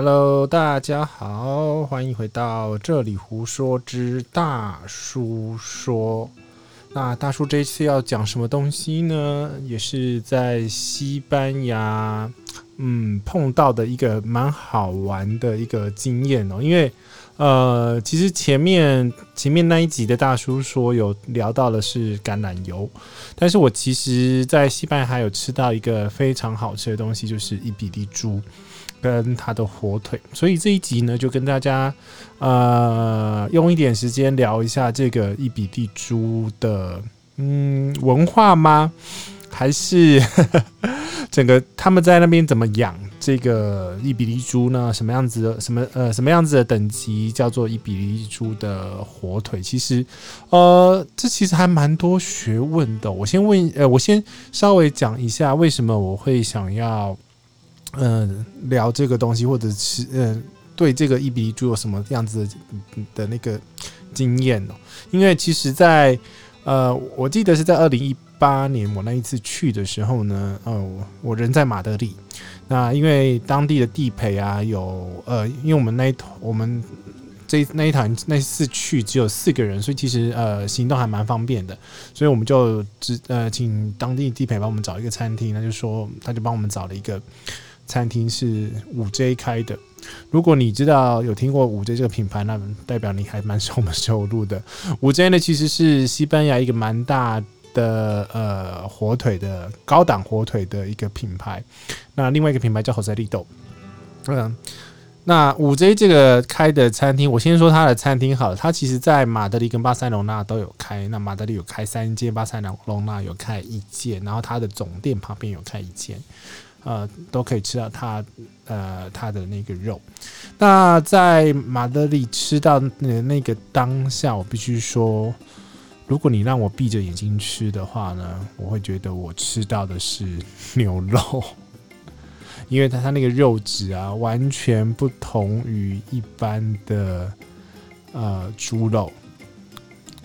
Hello，大家好，歡迎回到這裡胡說之大叔說。那大叔這次要講什麼東西呢？也是在西班牙，嗯，碰到的一個蠻好玩的一個經驗哦。因為呃，其實前面前面那一集的大叔說有聊到的是橄欖油，但是我其實，在西班牙還有吃到一個非常好吃的東西，就是伊比利豬。跟他的火腿，所以這一集呢，就跟大家，呃，用一點時間聊一下這個伊比利亞豬的，嗯，文化嗎？還是呵呵整個他們在那邊怎麼養這個伊比利亞豬呢？什麼樣子的？什麼呃，什麼樣子的等級叫做伊比利亞豬的火腿？其實，呃，這其實還蠻多學問的。我先問，呃，我先稍微講一下為什麼我會想要。嗯、呃，聊這個東西，或者是嗯、呃，對這個伊比利豬有什麼樣子的、的那個經驗哦、喔？因為其實在，在呃，我記得是在二零一八年我那一次去的時候呢，哦、呃，我人在馬德里，那因為當地的地陪啊，有呃，因為我們那一團，我們這那一團那一次去只有四個人，所以其實呃，行動還蠻方便的，所以我們就只呃，請當地地陪幫我們找一個餐廳，他就說，他就幫我們找了一個。餐廳是五 J 開的。如果你知道有聽過五 J 這個品牌，那代表你還蠻熟門熟路的。五 J 呢，其實是西班牙一個蠻大的呃火腿的高檔火腿的一個品牌。那另外一個品牌叫 Joselito。嗯，那五 J 這個開的餐廳，我先說它的餐廳好。它其實，在馬德里跟巴塞隆納都有開。那馬德里有開三間，巴塞隆隆納有開一間，然後它的總店旁邊有開一間。呃，都可以吃到它，呃，它的那個肉。那在馬德里吃到的那個當下，我必須說，如果你讓我閉着眼睛吃的話呢，我會覺得我吃到的是牛肉， 因為它它那個肉質啊，完全不同於一般的呃豬肉。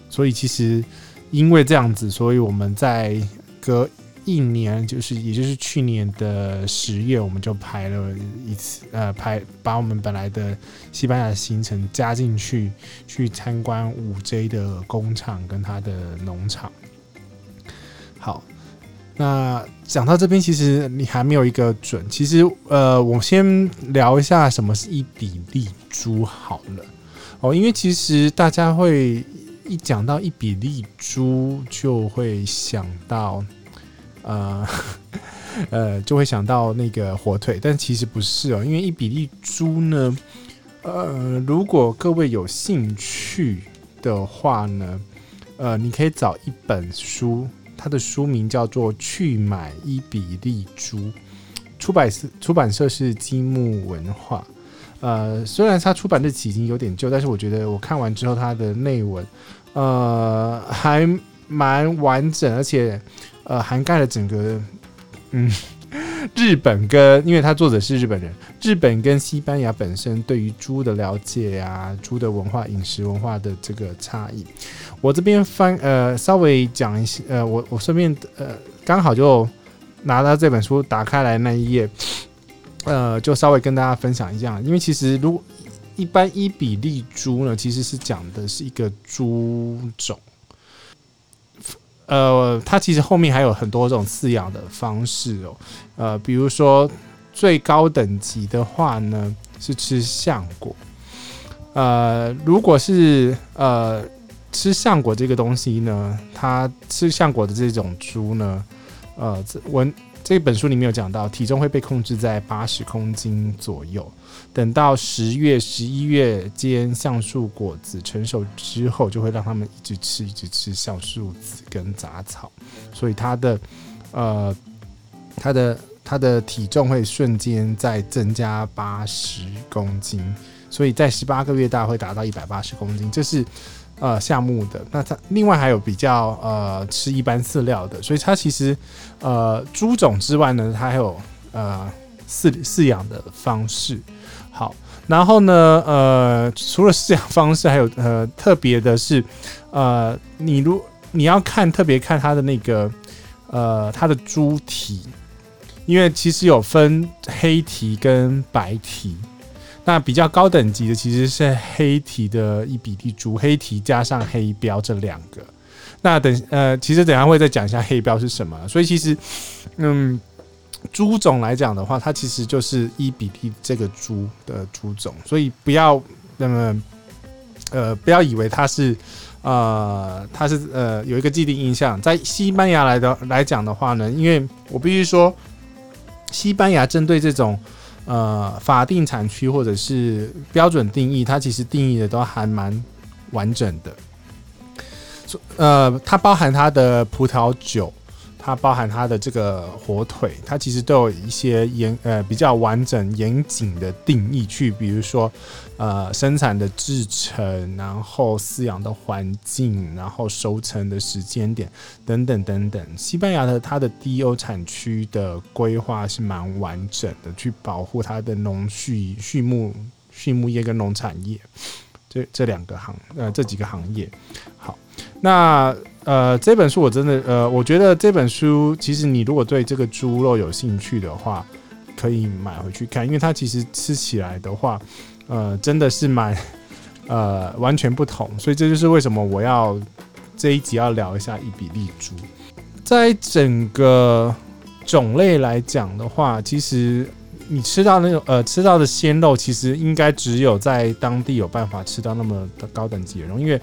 所以其實因為這樣子，所以我們在隔。一年就是，也就是去年的十月，我們就拍了一次，呃，拍，把我們本來的西班牙的行程加進去，去參觀 5J 的工廠跟他的農場。好，那講到這邊，其實你還沒有一個準。其實，呃，我先聊一下什麼是伊比利豬好了。哦，因為其實大家會一講到伊比利豬，就會想到。呃，呃，就會想到那個火腿，但其實不是哦，因為伊比利豬呢，呃，如果各位有興趣的話呢，呃，你可以找一本書，它的書名叫做《去買伊比利豬》，出版社出版社是積木文化，呃，雖然它出版日期已經有點舊，但是我覺得我看完之後它的內文，呃，還。蠻完整，而且呃，涵蓋了整個嗯，日本跟，因為他作者是日本人，日本跟西班牙本身對於豬的了解啊，豬的文化、飲食文化的這個差異，我這邊翻呃稍微講一些呃，我我順便呃剛好就拿到這本書打開來那一頁，呃，就稍微跟大家分享一下，因為其實如果一般伊比利豬呢，其實是講的是一個豬種。呃，它其實後面還有很多種飼養的方式哦，呃，比如說最高等級的話呢，是吃橡果。呃，如果是呃吃橡果這個東西呢，它吃橡果的這種豬呢，呃，這，我這本書裡面有講到，體重會被控制在八十公斤左右。等到十月、十一月間，橡樹果子成熟之後，就會讓他們一直吃、一直吃橡樹籽跟雜草，所以它的，呃，它的它的體重會瞬間再增加八十公斤，所以在十八個月大會達到一百八十公斤，這，就是呃橡木的。那它另外還有比較呃吃一般飼料的，所以它其實呃豬種之外呢，它還有呃飼飼養的方式。好，然後呢，呃，除了飼養方式，還有呃特別的是，呃，你如你要看特別看它的那個，呃，它的豬蹄，因為其實有分黑蹄跟白蹄，那比較高等級的其實是黑蹄的伊比利豬，黑蹄加上黑標這兩個。那等呃，其實等一下會再講一下黑標是什麼，所以其實嗯。豬種來講的話，它其實就是一比一這個豬的豬種，所以不要那麼呃，不要以為它是呃，它是呃有一個既定印象。在西班牙來的來講的話呢，因為我必須說，西班牙針對這種呃法定產區或者是標準定義，它其實定義的都還蠻完整的。呃，它包含它的葡萄酒。它包含它的這個火腿，它其實都有一些嚴呃比較完整嚴謹的定義去，比如說呃生產的製程，然後飼養的環境，然後熟成的時間點等等等等。西班牙的它的 DO 產區的規劃是蠻完整的，去保護它的農畜牧畜牧業跟農產業這這兩個行呃這幾個行業。好，那。呃，這本書我真的，呃，我覺得這本書其實你如果對這個豬肉有興趣的話，可以買回去看。因為它其實吃起來的話，呃，真的是蠻，呃，完全不同。所以這就是為什麼我要這一集要聊一下伊比利豬。在整個種類來講的話，其實你吃到那種，呃，吃到的鮮肉，其實應該只有在當地有辦法吃到那麼的高等級的肉，因為。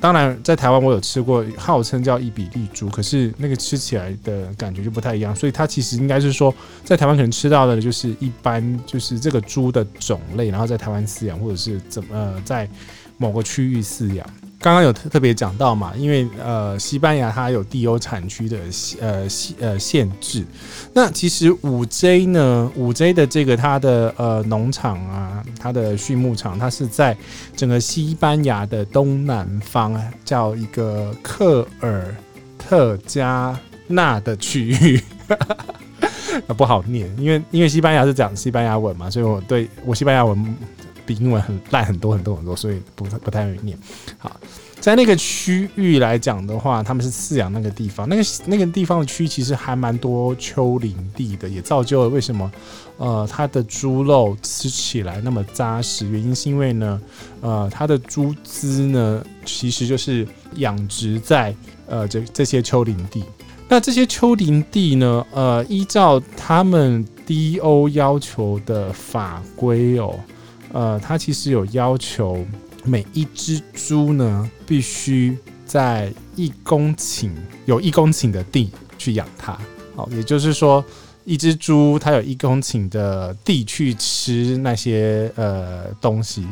當然，在台灣我有吃過號稱叫伊比利豬，可是那個吃起來的感覺就不太一樣，所以它其實應該是說，在台灣可能吃到的就是一般就是這個豬的種類，然後在台灣飼養，或者是怎麼呃，在某個區域飼養。剛剛有特特別講到嘛，因為呃，西班牙它有 DO 產區的呃呃限制。那其實五 J 呢，五 J 的這個它的呃農場啊，它的畜牧場，它是在整個西班牙的東南方，叫一個克爾特加納的區域，啊 不好念，因為因為西班牙是講西班牙文嘛，所以我對我西班牙文，比英文很爛很多很多很多，所以不不太會念。好，在那個區域來講的話，他們是飼養那個地方，那個那個地方的區其實還蠻多丘陵地的，也造就了為什麼呃，它的豬肉吃起來那麼扎實，原因是因為呢，呃，它的豬隻呢其實就是養殖在呃這這些丘陵地。那這些丘陵地呢，呃，依照他們 DO 要求的法規哦。呃，它其實有要求，每一隻豬呢必須在一公頃有一公頃的地去養它。哦，也就是說，一隻豬它有一公頃的地去吃那些呃東西。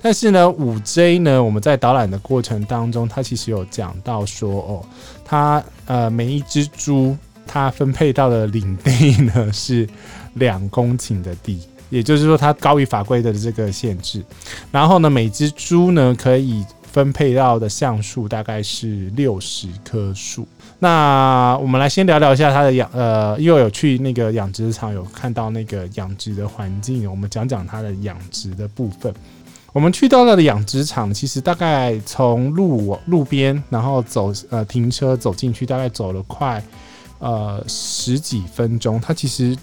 但是呢，5J 呢，我們在導覽的過程當中，它其實有講到說，哦，它呃每一隻豬它分配到的領地呢是兩公頃的地。也就是說，它高於法規的這個限制。然後呢，每隻豬呢可以分配到的橡樹大概是六十棵樹。那我們來先聊聊一下它的養，呃，又有去那個養殖場有看到那個養殖的環境，我們講講它的養殖的部分。我們去到那的養殖場，其實大概從路路邊，然後走呃停車走進去，大概走了快呃十幾分鐘。它其實。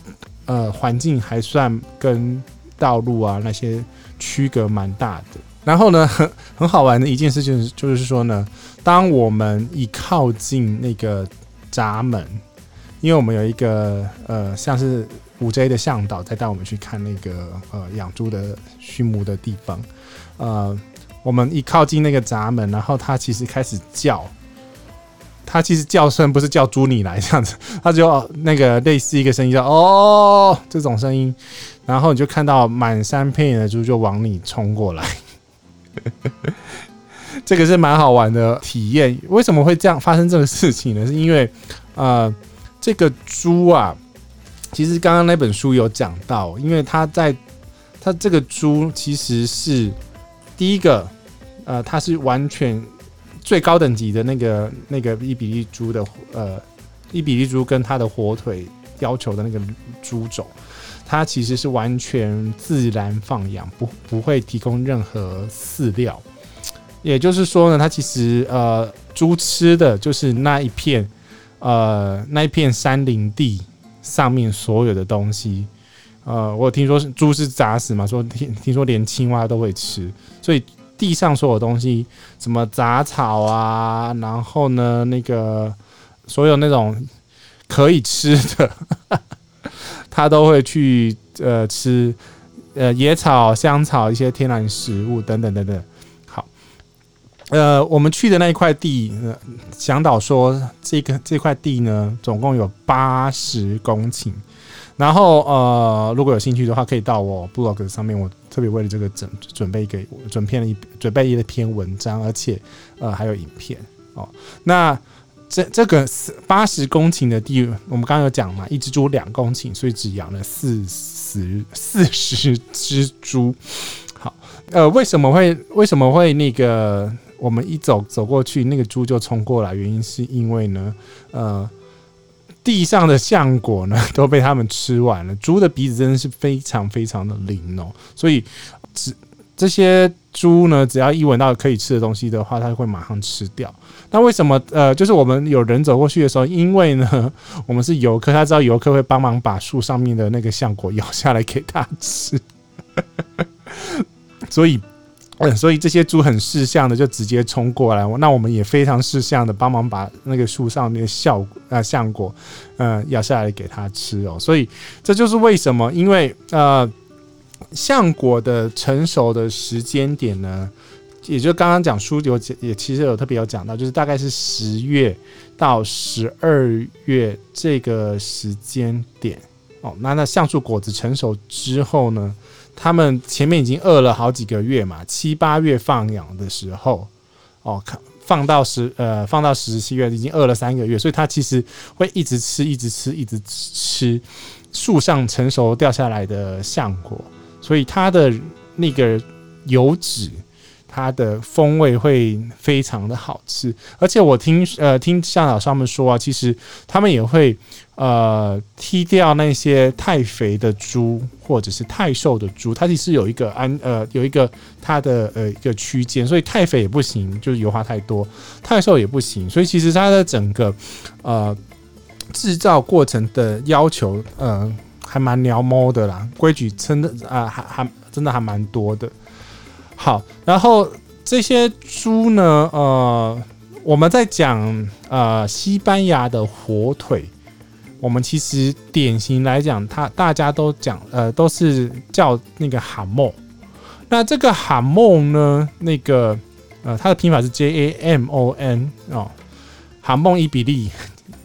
呃，環境還算跟道路啊那些區隔蠻大的。然後呢，很很好玩的一件事情、就是、就是說呢，當我們一靠近那個閘門，因為我們有一個呃像是五 J 的向導在帶我們去看那個呃養豬的畜牧的地方，呃，我們一靠近那個閘門，然後它其實開始叫。他其實叫聲不是叫豬你來這樣子，他就那個類似一個聲音叫哦這種聲音，然後你就看到滿山遍野的豬就往你衝過來，這個是蠻好玩的體驗。為什麼會這樣發生這個事情呢？是因為啊、呃，這個豬啊，其實剛剛那本書有講到，因為它在它這個豬其實是第一個，呃，它是完全。最高等級的那個那個伊比利豬的呃，伊比利豬跟它的火腿要求的那個豬種，它其實是完全自然放養，不不會提供任何飼料。也就是說呢，它其實呃，豬吃的就是那一片呃那一片山林地上面所有的東西。呃，我聽說是豬是雜食嘛，說聽聽說連青蛙都會吃，所以。地上所有東西，什麼雜草啊，然後呢，那個所有那種可以吃的，它都會去呃吃，呃野草、香草、一些天然食物等等等等。好，呃，我們去的那一塊地，呃，向導說這個這塊地呢，總共有八十公頃。然後呃，如果有興趣的話，可以到我 blog 上面，我特別為了這個準準備一個準備了一準備了一篇文章，而且呃還有影片哦。那這這個八十公頃的地，我們剛剛有講嘛，一隻豬兩公頃，所以只養了四十四十隻豬。好，呃，為什麼會為什麼會那個我們一走走過去，那個豬就衝過來？原因是因為呢，呃。地上的橡果呢，都被他們吃完了。豬的鼻子真的是非常非常的靈哦，所以只這些豬呢，只要一聞到可以吃的東西的話，它就會馬上吃掉。那為什麼？呃，就是我們有人走過去的時候，因為呢，我們是遊客，他知道遊客會幫忙把樹上面的那個橡果咬下來給他吃， 所以。嗯，所以這些豬很識相的，就直接衝過來。那我們也非常識相的，幫忙把那個樹上面橡果啊、橡果，嗯，咬下來給他吃哦。所以這就是為什麼，因為呃，橡果的成熟的時間點呢，也就是剛剛講書有也其實有特別有講到，就是大概是十月到十二月這個時間點哦。那那橡樹果子成熟之後呢？他們前面已經餓了好幾個月嘛，七八月放養的時候，哦，放到十呃，放到十七月已經餓了三個月，所以他其實會一直吃，一直吃，一直吃樹上成熟掉下來的橡果，所以它的那個油脂。它的風味會非常的好吃，而且我聽呃聽嚮導他們說啊，其實他們也會呃踢掉那些太肥的豬或者是太瘦的豬，它其實有一個安呃有一個它的呃一個區間，所以太肥也不行，就是油花太多；太瘦也不行，所以其實它的整個呃製造過程的要求，嗯、呃，還蠻鳥毛的啦，規矩真的啊、呃，還還真的還蠻多的。好，然後這些豬呢，呃，我們在講呃西班牙的火腿，我們其實典型來講，它大家都講呃都是叫那個哈夢。那這個哈夢呢，那個呃它的拼法是 J A M O N 哦，哈夢伊比利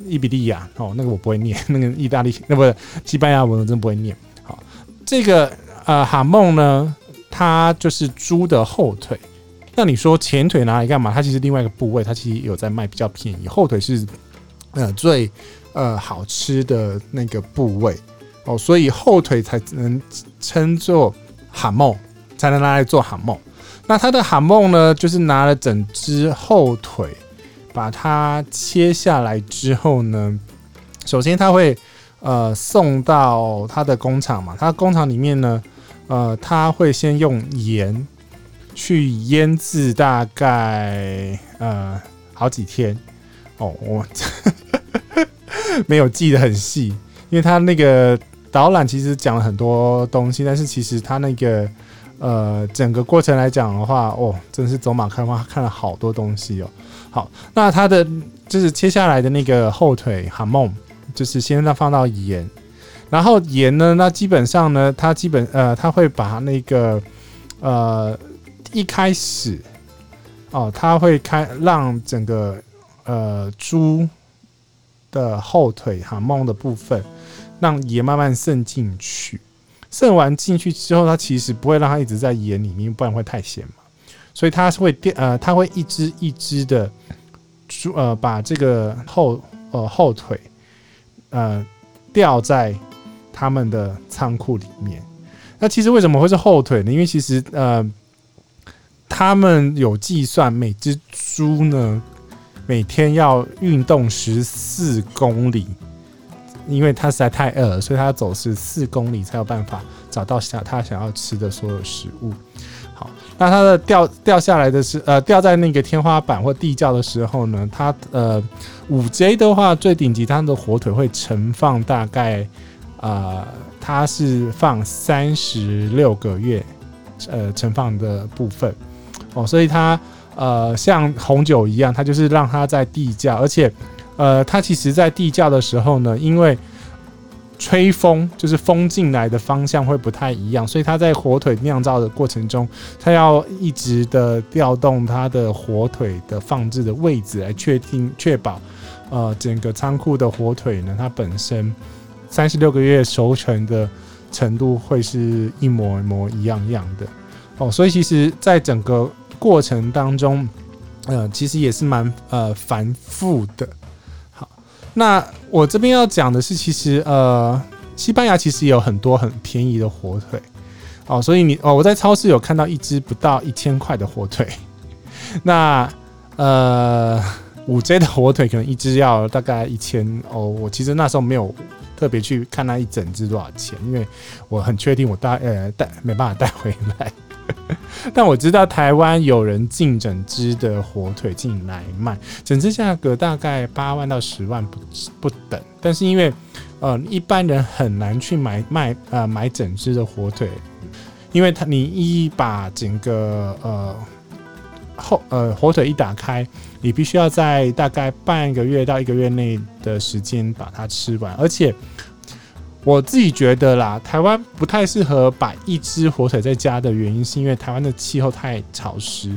伊比利亞哦，那個我不會念，那個意大利那不、個、是西班牙文，我真的不會念。好、哦，這個呃哈夢呢？它就是豬的後腿，那你說前腿拿來幹嘛？它其實另外一個部位，它其實有在賣比較便宜。後腿是呃最呃好吃的那個部位哦，所以後腿才能稱作 hamon，才能拿來做 hamon。那它的 hamon 呢，就是拿了整隻後腿，把它切下來之後呢，首先它會呃送到它的工廠嘛，它工廠裡面呢。呃，他會先用鹽去醃製大概呃好幾天哦，我 沒有記得很細，因為他那個導覽其實講了很多東西，但是其實他那個呃整個過程來講的話，哦，真的是走馬看花，看了好多東西哦。好，那他的就是切下來的那個後腿哈夢，就是先讓他放到鹽。然後鹽呢，那基本上呢，它基本呃，它會把那個呃一開始哦、呃，它會開讓整個呃豬的後腿哈，夢的部分讓鹽慢慢滲進去。滲完進去之後，它其實不會讓它一直在鹽裡面，不然會太鹹嘛。所以它是會掉呃，它會一只一只的呃，把這個後呃後腿，呃吊在他們的倉庫裡面，那其實為什麼會是後腿呢？因為其實呃，他們有計算每隻豬呢，每天要運動十四公里，因為它實在太餓了，所以它要走十四公里才有辦法找到想它想要吃的所有食物。好，那它的掉掉下來的是呃掉在那個天花板或地窖的時候呢？它呃五 J 的話最頂級，它的火腿會盛放大概。呃，它是放三十六個月，呃，存放的部分哦，所以它呃像紅酒一樣，它就是讓它在地窖，而且呃，它其實在地窖的時候呢，因為吹風就是風進來的方向會不太一樣，所以它在火腿釀造的過程中，它要一直的調動它的火腿的放置的位置來，來確定確保呃整個倉庫的火腿呢，它本身。三十六個月熟成的程度會是一模一模一樣樣的哦，所以其實在整個過程當中，嗯、呃，其實也是蠻呃繁複的。好，那我這邊要講的是，其實呃，西班牙其實也有很多很便宜的火腿哦，所以你哦，我在超市有看到一隻不到一千塊的火腿，那呃，5J 的火腿可能一隻要大概一千哦，我其實那時候沒有。特別去看那一整隻多少錢，因為我很確定我帶呃帶沒辦法帶回來， 但我知道台灣有人進整隻的火腿進來賣，整隻價格大概八萬到十萬不不等，但是因為呃一般人很難去買賣呃買整隻的火腿，因為他你一把整個呃。後呃火腿一打開，你必須要在大概半個月到一個月內的時間把它吃完。而且我自己覺得啦，台灣不太適合把一隻火腿在家的原因，是因為台灣的氣候太潮濕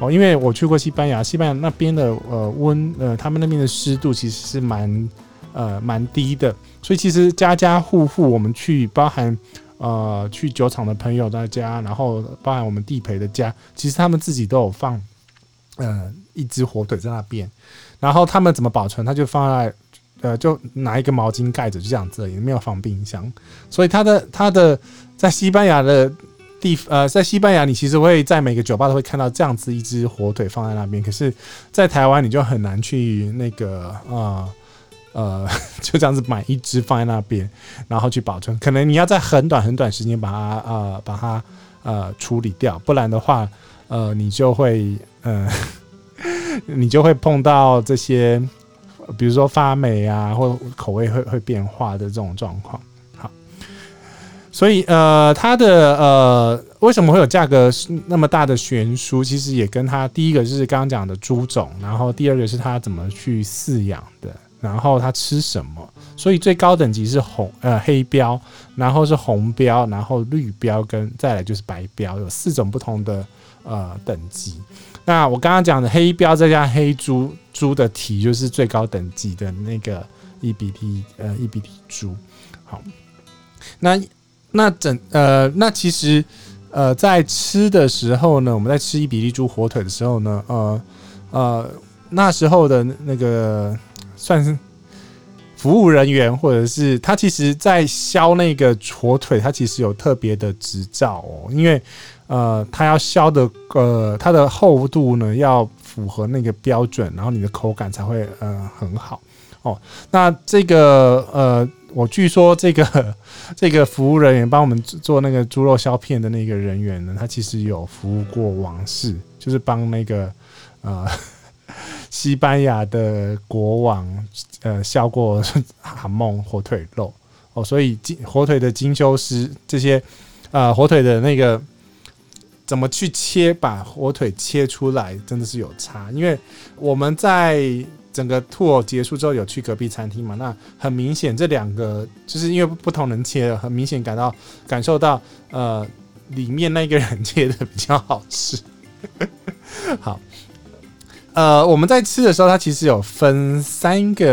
哦。因為我去過西班牙，西班牙那邊的呃溫呃，他們那邊的濕度其實是蠻、呃、蠻低的，所以其實家家戶戶我們去包含。呃，去酒廠的朋友的家，然後包含我們地陪的家，其實他們自己都有放，呃，一隻火腿在那邊。然後他們怎麼保存？他就放在，呃，就拿一個毛巾蓋着，就這樣子，也沒有放冰箱。所以他的他的在西班牙的地呃，在西班牙你其實會在每個酒吧都會看到這樣子一隻火腿放在那邊。可是，在台灣你就很難去那個啊。呃呃，就這樣子買一隻放在那邊，然後去保存。可能你要在很短很短時間把它呃把它呃處理掉，不然的話，呃，你就會呃你就會碰到這些，比如說發霉啊，或口味會會變化的這種狀況。好，所以呃，它的呃為什麼會有價格那麼大的懸殊？其實也跟它第一個就是剛剛講的豬種，然後第二個是它怎麼去飼養的。然後它吃什麼？所以最高等級是紅呃黑標，然後是紅標，然後綠標，跟再來就是白標，有四種不同的呃等級。那我剛剛講的黑標，這家黑豬豬的蹄就是最高等級的那個伊比利呃伊比利呃伊比利豬。好，那那整呃那其實呃在吃的時候呢，我們在吃伊比利豬火腿的時候呢，呃呃那時候的那個。算是服務人員，或者是他其實，在削那個火腿，他其實有特別的執照哦，因為呃，他要削的呃，它的厚度呢要符合那個標準，然後你的口感才會呃很好哦。那這個呃，我據說這個這個服務人員幫我們做那個豬肉削片的那個人員呢，他其實有服務過王室，就是幫那個呃。西班牙的國王，呃，削過哈蒙，啊，火腿肉哦，所以火腿的精修師這些，呃，火腿的那個怎麼去切，把火腿切出來，真的是有差。因為我們在整個 tour 結束之後有去隔壁餐廳嘛，那很明顯這兩個就是因為不同人切的，很明顯感到感受到，呃，裡面那個人切的比較好吃。 好。呃，我們在吃的時候，它其實有分三個，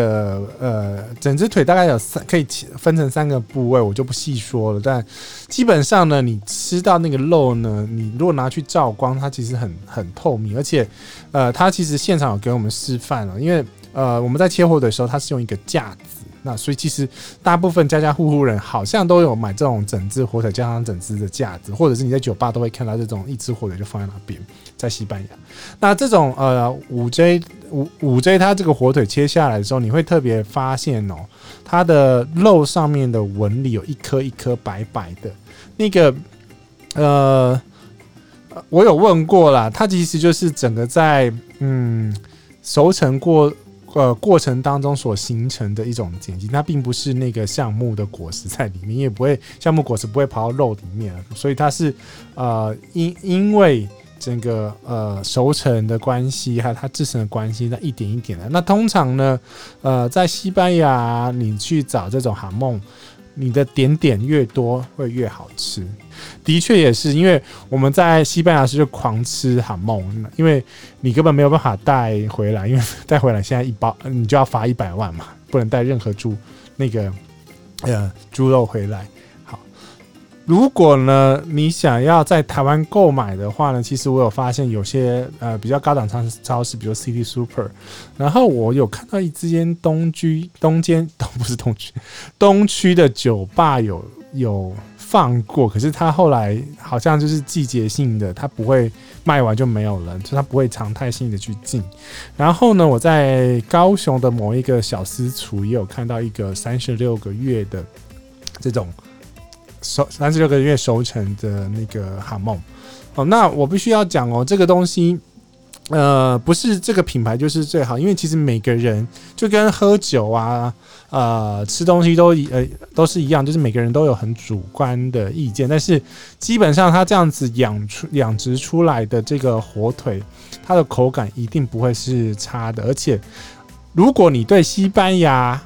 呃，整只腿大概有三，可以切分成三個部位，我就不細說了。但基本上呢，你吃到那個肉呢，你如果拿去照光，它其實很很透明，而且，呃，它其實現場有給我們示範了，因為呃，我們在切火腿的時候，它是用一個架子，那所以其實大部分家家戶戶人好像都有買這種整只火腿加上整只的架子，或者是你在酒吧都會看到這種一只火腿就放在那邊。在西班牙，那這種呃五 J 五五 J，它這個火腿切下來的時候，你會特別發現哦、喔，它的肉上面的紋理有一顆一顆白白的，那個呃，我有問過啦，它其實就是整個在嗯熟成過呃過程當中所形成的一種結晶，它並不是那個橡木的果實在裡面，也不會橡木果實不會跑到肉裡面，所以它是呃因因為。整個呃熟成的關係還有它自身的關係，在一點一點的。那通常呢，呃，在西班牙你去找這種 Jamón，你的點點越多會越好吃。的確也是，因為我們在西班牙是就狂吃 Jamón，因為你根本沒有辦法帶回來，因為帶回來現在一包你就要罰一百萬嘛，不能帶任何豬那個呃豬肉回來。如果呢，你想要在台灣購買的話呢，其實我有發現有些呃比較高檔超市超市，比如 City Super，然後我有看到一間東區東間，東，不是東區，東區的酒吧有有放過，可是它後來好像就是季節性的，它不會賣完就沒有了，就它不會常態性的去進。然後呢，我在高雄的某一個小私廚也有看到一個三十六個月的這種。收三十六個月熟成的那個哈夢哦，那我必須要講哦，這個東西呃不是這個品牌就是最好，因為其實每個人就跟喝酒啊，呃吃東西都呃都是一樣，就是每個人都有很主觀的意見，但是基本上它這樣子養出養殖出來的這個火腿，它的口感一定不會是差的，而且如果你對西班牙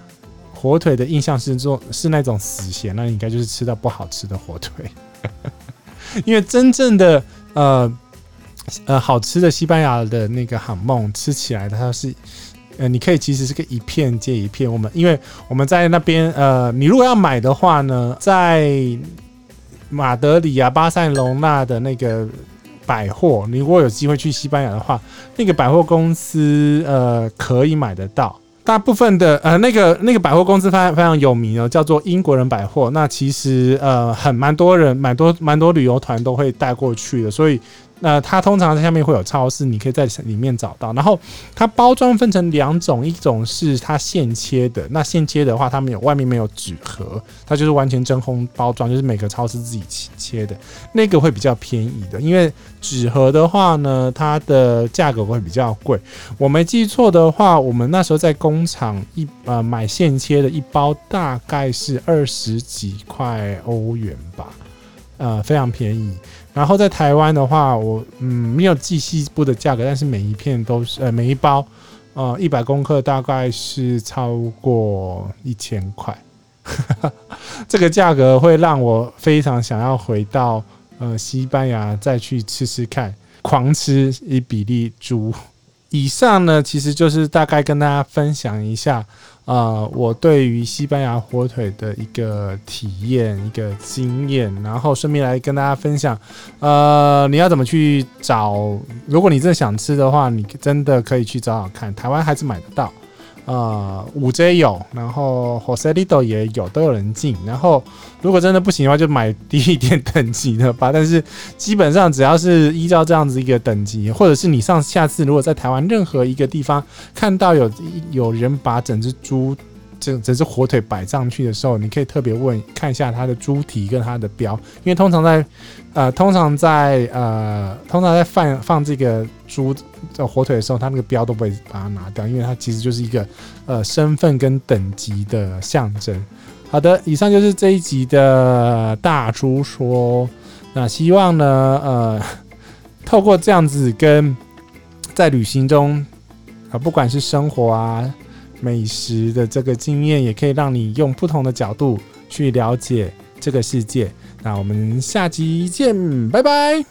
火腿的印象是做是那種死鹹，那你應該就是吃到不好吃的火腿。 因為真正的呃呃好吃的西班牙的那個喊夢，吃起來它是呃你可以其實是個一片接一片。我們因為我們在那邊呃，你如果要買的話呢，在馬德里啊，巴塞隆納的那個百貨，你如果有機會去西班牙的話，那個百貨公司呃可以買得到。大部分的呃那個那個百貨公司非常非常有名哦，叫做英國人百貨。那其實呃很蠻多人，蠻多、蠻多旅遊團都會帶過去的，所以。那、呃、它通常在下面會有超市，你可以在裡面找到。然後它包裝分成兩種，一種是它現切的，那現切的話，它沒有外面沒有紙盒，它就是完全真空包裝，就是每個超市自己切切的，那個會比較便宜的。因為紙盒的話呢，它的價格會比較貴。我沒記錯的話，我們那時候在工廠一呃買現切的一包大概是二十幾塊歐元吧，呃非常便宜。然後在台灣的話，我嗯沒有記西部的價格，但是每一片都是呃每一包，呃一百公克大概是超過一千塊， 這個價格會讓我非常想要回到呃西班牙再去吃吃看，狂吃伊比利豬。以上呢，其實就是大概跟大家分享一下，呃，我對於西班牙火腿的一個體驗、一個經驗，然後順便來跟大家分享，呃，你要怎麼去找？如果你真的想吃的話，你真的可以去找找看，台灣還是買得到。啊，5J 有，然後 Joselito 也有，都有人進。然後如果真的不行的話，就買低一點等級的吧。但是基本上只要是依照這樣子一個等級，或者是你上下次如果在台灣任何一個地方看到有有人把整只豬。這這隻火腿擺上去的時候，你可以特別問看一下它的豬蹄跟它的標，因為通常在，呃，通常在呃，通常在放放這個豬的火腿的時候，它那個標都不會把它拿掉，因為它其實就是一個呃身份跟等級的象徵。好的，以上就是這一集的大叔說，那希望呢，呃，透過這樣子跟在旅行中啊，不管是生活啊。美食的這個經驗，也可以讓你用不同的角度去了解這個世界。那我們下集見，拜拜！